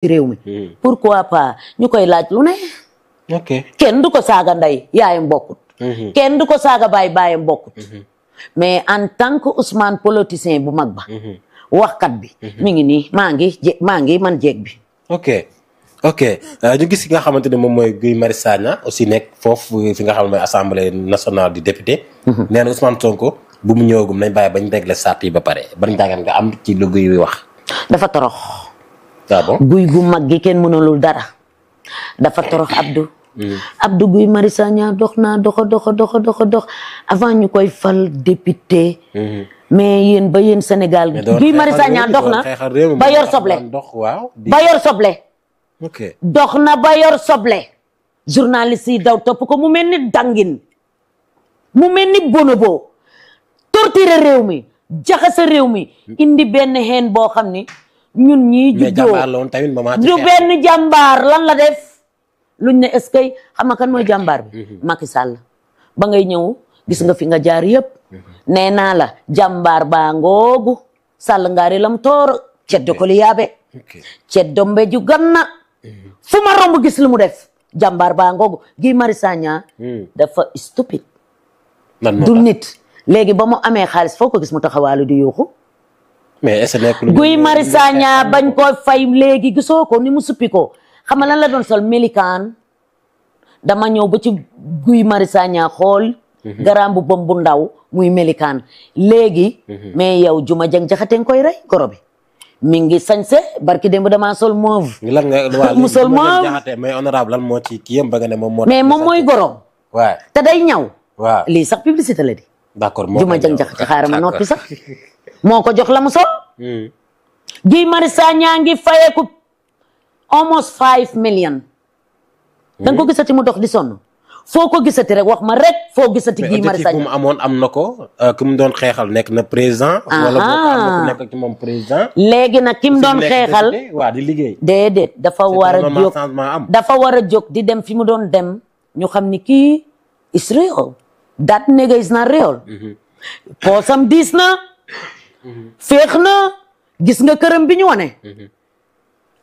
réew mi hmm. pourquoi pas ñu koy laaj lu ne kenn du ko saaga ndey yaayam bokkut hmm. kenn du ko saaga baay baayam bokkut hmm. mais en tant que Ousmane politicien bu mag ba waxkat bi mu ngi nii maa ngi je maa ngi man jeeg bi ok ok euh, ñu gis ki nga xamante ne moom mooy Guy Marius Sagna aussi nekk foofu fi nga xam ne mooy assemblée nationale du député nee na Ousmane Sonko bu mu ñëwagum nañ bàyyi bañ régler sart yi ba pare ban jàngat nga am ci lu Guy wax dafa torox Ah guy gu mag gi kenn mënalul dara dafa torox Abdou. Hmm. Abdou Guy Marius Sagna dox naa doxa doxa doxa doxa dox avant ñu koy fal député hmm. mais yéen ba yéen Sénégal Guy Marius Sagna dox na ba yor soble dox na ba yor soble journaliste yi daw topp ko mu mel ni dangin mu mel ni bonobo torturer réew mi jaxase réew mi hmm. indi benn xeen boo xam ni ñun ñii juddoo du benn jàmbaar lan la def luñ ne est-ce kan mooy jàmbaar bi mhm. Macky Sall ba ngay ñëw gis nga fi nga jaar yëpp mhm. nee naa la jàmbaar baa ngoogu Sall ngaari lam toor ceddo ko li yaabe ceddo mbeju ganna mhm. fu ma romb gis lu mu def jàmbaar baa ngoogu gi Mari Sagna dafa stupide du nit léegi ba mu amee xaalis foo ko gis mu taxawaalu di yuuxu mais est-ce que Guy Marius bañ ko fay léegi gisoo ko ni mu suppi ko xam lan la doon sol melikaan dama ñëw ba ci Guy Marius Sagna xool. Mhm. garaam bu bom bu ndaw muy melikaan léegi. Mhm. mais yow Juma Jeng Jaxate nga koy rey goro bi mi ngi sañ sañse barki démb damaa sol mauve. lan nga mu sol mauve mais honorable lan moo ci kii ba moom moo. mais moom mooy goro. waaw te day ñaw. waaw lii sax publicité la di. d'accord Juma Jeng Jaxate xaaral ma noppi sax. moo ko jox la mu sol hmm. Guy Marius ñaa ngi fayeeku almost five million hmm. da nga ko gisati mu dox di sonn foo ko gisati rek wax ma rek foo gisati Guy Marius Sagna mu amoon am na ko euh, ki mu doon xeexal nekk na président ah wala ci ah. moom président léegi nag ki mu doon xeexal waa di liggéey déedéet dafa war a dafa war a jóg di dem fi mu doon dem ñu xam ni kii is real that nigga is not real mm-hmm. poosam diis na Mm-hmm. féex na gis nga këram bi ñu wane. Mm-hmm.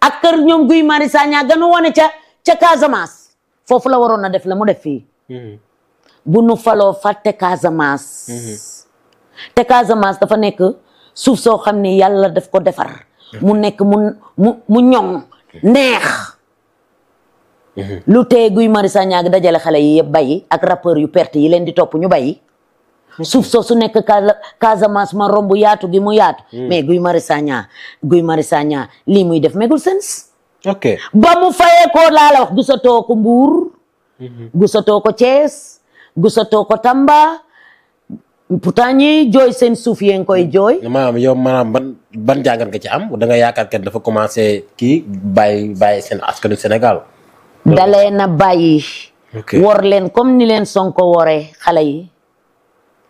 ak kër ñoom Guy Marius Sagna ganu wane ca ca Casamance foofu la waroon a def la mu def fii. Mm-hmm. bu nu faloo fàtte Casamance. te Casamance dafa nekk suuf soo xam ne yàlla def ko defar. mu nekk mu ñoŋ neex. lu tee Guy Marius Sagna dajale xale yi yëpp bayi ak rappeur yu perte yi leen di topp ñu bayi. suuf soo su nekk Casamance ma romb yaatu gi mu yaat hmm. mais Guy Marius Sagna Guy lii muy def megul sens. ok ba mu fayee ko laa la wax gisatoo ko Mbuur. Mhm. gisatoo ko Thiès gisatoo ko Tamba. pourtant ñi jooy seen suuf yee ngi koy hmm. jooy. maanaam yow maanaam ban ban jàngat nga ci am da nga yaakaar kenn dafa commencé kii bàyyi bàyyi seen askanu Sénégal. na bàyyi. wor leen comme ni leen Sonko woree xale yi.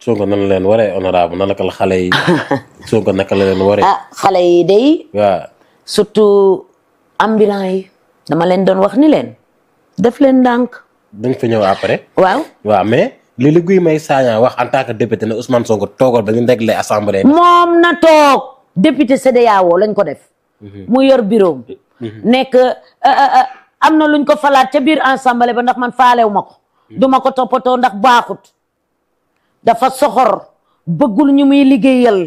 Sonko nan la leen waree honorable nan la xale yi. Sonko naka la leen waree. ah xale yi day. waaw surtout ambulant yi dama leen doon wax ni leen def leen ndànk. dañ fa ñëw après. waaw waaw mais. li li guy may saaña wax en tant que député ne Ousmane Sonko toogal ba ñu réglé assemblée. moom na toog député CEDEAO lañ ko def. Mhm. mu yor bureau mhm. nekk euh, euh, euh, am na luñ ko falaat ca biir assemblée ba ndax man faalew ma ko. Mhm. du ma ko toppatoo ndax baaxut. dafa soxor bëggul ñu muy liggéeyal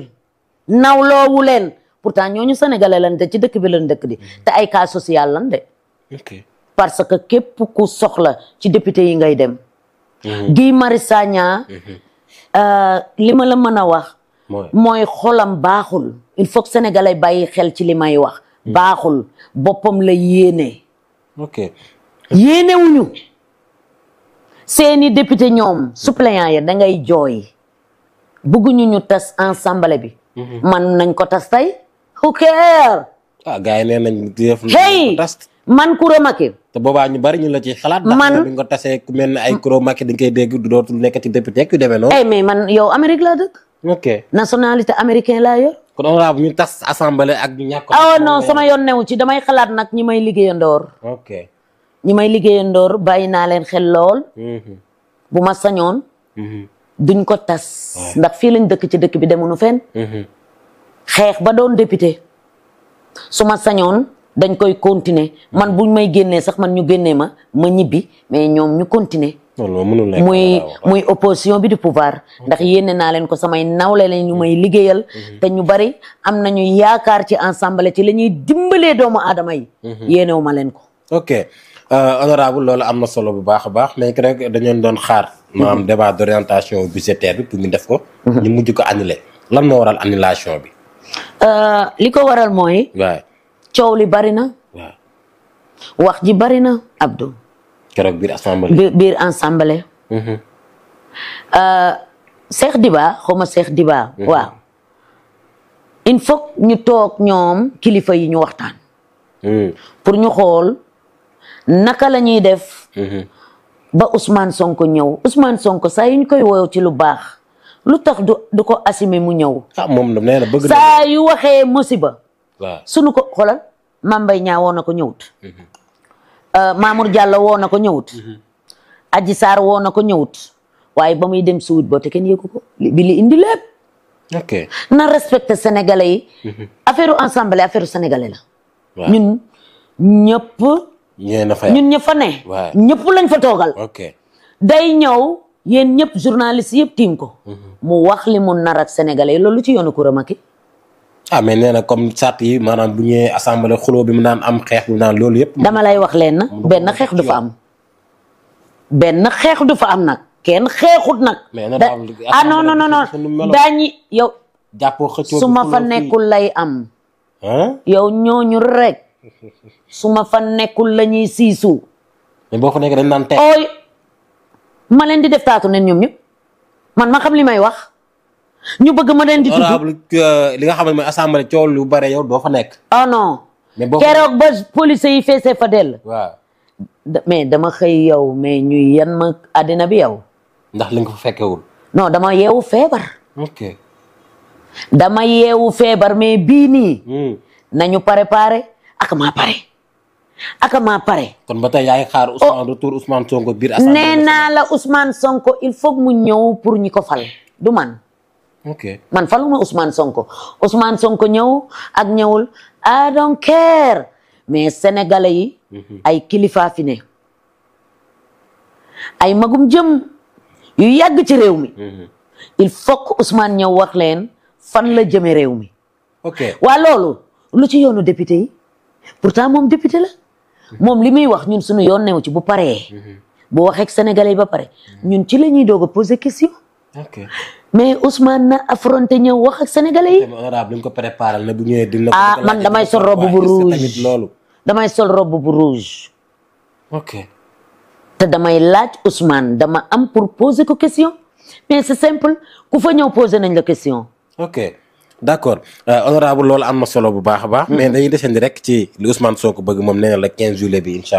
nawloowu leen pourtant ñooñu sénégalais lan ci dëkk bi lan dëkk di mm-hmm. te ay cas social lan de parce que képp ku soxla ci député yi ngay dem mm-hmm. Guy Marius Sagna mm-hmm. euh, li ma la mën a wax mooy xolam baaxul il faut que sénégalais bàyyi xel ci li may wax baaxul boppam la yéene ok yéenewuñu seeni député ñoom suppléants ya da ngay jooy bëgguñu ñu tas ensemble bi. Mhm. man nañ ko tas tey. who care. ah gars yi nee nañ def. hey man Coura Macky. te boobaa ñu bari ñu la ci xalaat. man bi ko tasee ku mel ne ay Coura Macky dañ koy dégg dootul nekkati député ku demee noonu. eh mais man yow Amérique laa dëkk. ok nationalité américain laa yor. kon ñu tas assemblée ak ñu ñàkk. Oh non sama yoon new ci damay xalaat nag ñi may liggéeyandoor. ok. ñu may liggéeyandoor bàyyi naa leen xel lool mhm. bu ma sañoon mhm. duñ ko tas ndax fii lañ dëkk ci dëkk bi demunu fenn mhm. xeex ba doon député su ma sañoon dañ koy continuer man buñ may génnee sax man ñu génnee ma ma ñibbi mais ñoom ñu continuer muy muy opposition bi di pouvoir ndax yéene naa leen ko samay nawle leen ñu may liggéeyal te ñu bari am na ñu yaakaar ci ensemble ci lañuy dimbalee doomu aadama yi yéenewu leen ko Euh, honorable loolu am na solo bu baax a baax mais rek dañoon doon xaar maanaam débat d'orientation budgétaire bi pour ñu def ko mhm. ñu mujj ko annulé lan moo waral annulation bi euh, li ko waral mooy waaw coow li bari na wax ji bari na Abdou keroog biir assemblée biir assemblée mhm. euh, Cheikh Diba xawma Cheikh mhm. il faut ñu toog ñoom kilifa yi ñu waxtaan mm. pour ñu xool naka la ñuy def. Mhm. ba Ousmane Sonko ñëw Ousmane Sonko saa yu ñu koy woyoo ci lu baax lu tax du du ko assumer mu ñëw. ah moom nee na bëgg saa yu waxee musiba. waaw sunu ko xoolal Mame Mbaye na ko ñëwut. Mhm. Euh, Mamour Diallo woo na ko ñëwut. Mhm. aji saar woo na ko ñëwut waaye ba muy dem suwut boo te kenn yëgu ko bi li indi lépp. na respecté sénégalais yi. affaire ensemble affaire sénégalais la. ñun ñëpp. ñun ñëpp fa ne. ñëpp lañ fa toogal. day ñëw yéen ñëpp journaliste yëpp tiim ko. Mhm. mu wax li mu nar ak sénégalais loolu ci yoonu Coura Macky. ah na comme sàrt yi maanaam bu ñëwee assemblée xuloo bi mu naan am xeex bi mu naan loolu yëpp. dama lay wax leen na benn xeex du fa am. xeex du am nag kenn xeexut nag. ah non non non daañu yow. jàppoo xëccoo ma fa nekkul lay am. yow ñooñu rek. suma ma fa nekkul la ñuy siisu. boo fa nekk dañ naan ooy ma leen di def taatu neen ñoom ñëpp man ma xam li may wax ñu bëgg ma leen di. tudd euh, li nga xam ne mooy assemblée coow lu bare yow doo fa nekk. oh non. mais boo keroog ba police yi feesee fa dell. waaw. mais dama xëy yow mais ñuy yan ma àddina bi yow. ndax li nga fa fekkewul. non dama yeewu feebar. ok. dama yeewu feebar mais bii nii. Hmm. nañu préparé. ak maa pare ak maa pare. kon oh. la Ousmane Sonko il faut mu ñëw pour ñi ko fal du man. ok man faluma Ousmane Sonko Ousmane Sonko ñëw ak ñëwul I don't mais sénégalais yi. Mm ay kilifa fi ay magum jëm yu yàgg ci réew mi. Mhm. il faut que ñëw wax leen fan la jëme réew mi. ok waa loolu lu ci yoonu député yi. pourtant moom député la moom li muy wax ñun suñu yoon newu ci bu paree mhm. bu waxee ak ba pare mhm. ñun ci la ñuy doog a poser question mais Ousmane na affronté ñëw wax ak sénégalais yi honorable ñu ko préparé la bu ñëwee dina ah man damay sol robe bu rouge loolu damay sol robe bu rouge ok damay laaj Ousmane dama am pour poser ko question mais c'est simple ku fa ñëw poser nañ la question d' accord euh, honorable loolu am na solo bu baax a baax. Hmm. mais dañuy desandi rek ci lu Ousmane Sonko bëgg moom nee na la 15 bi incha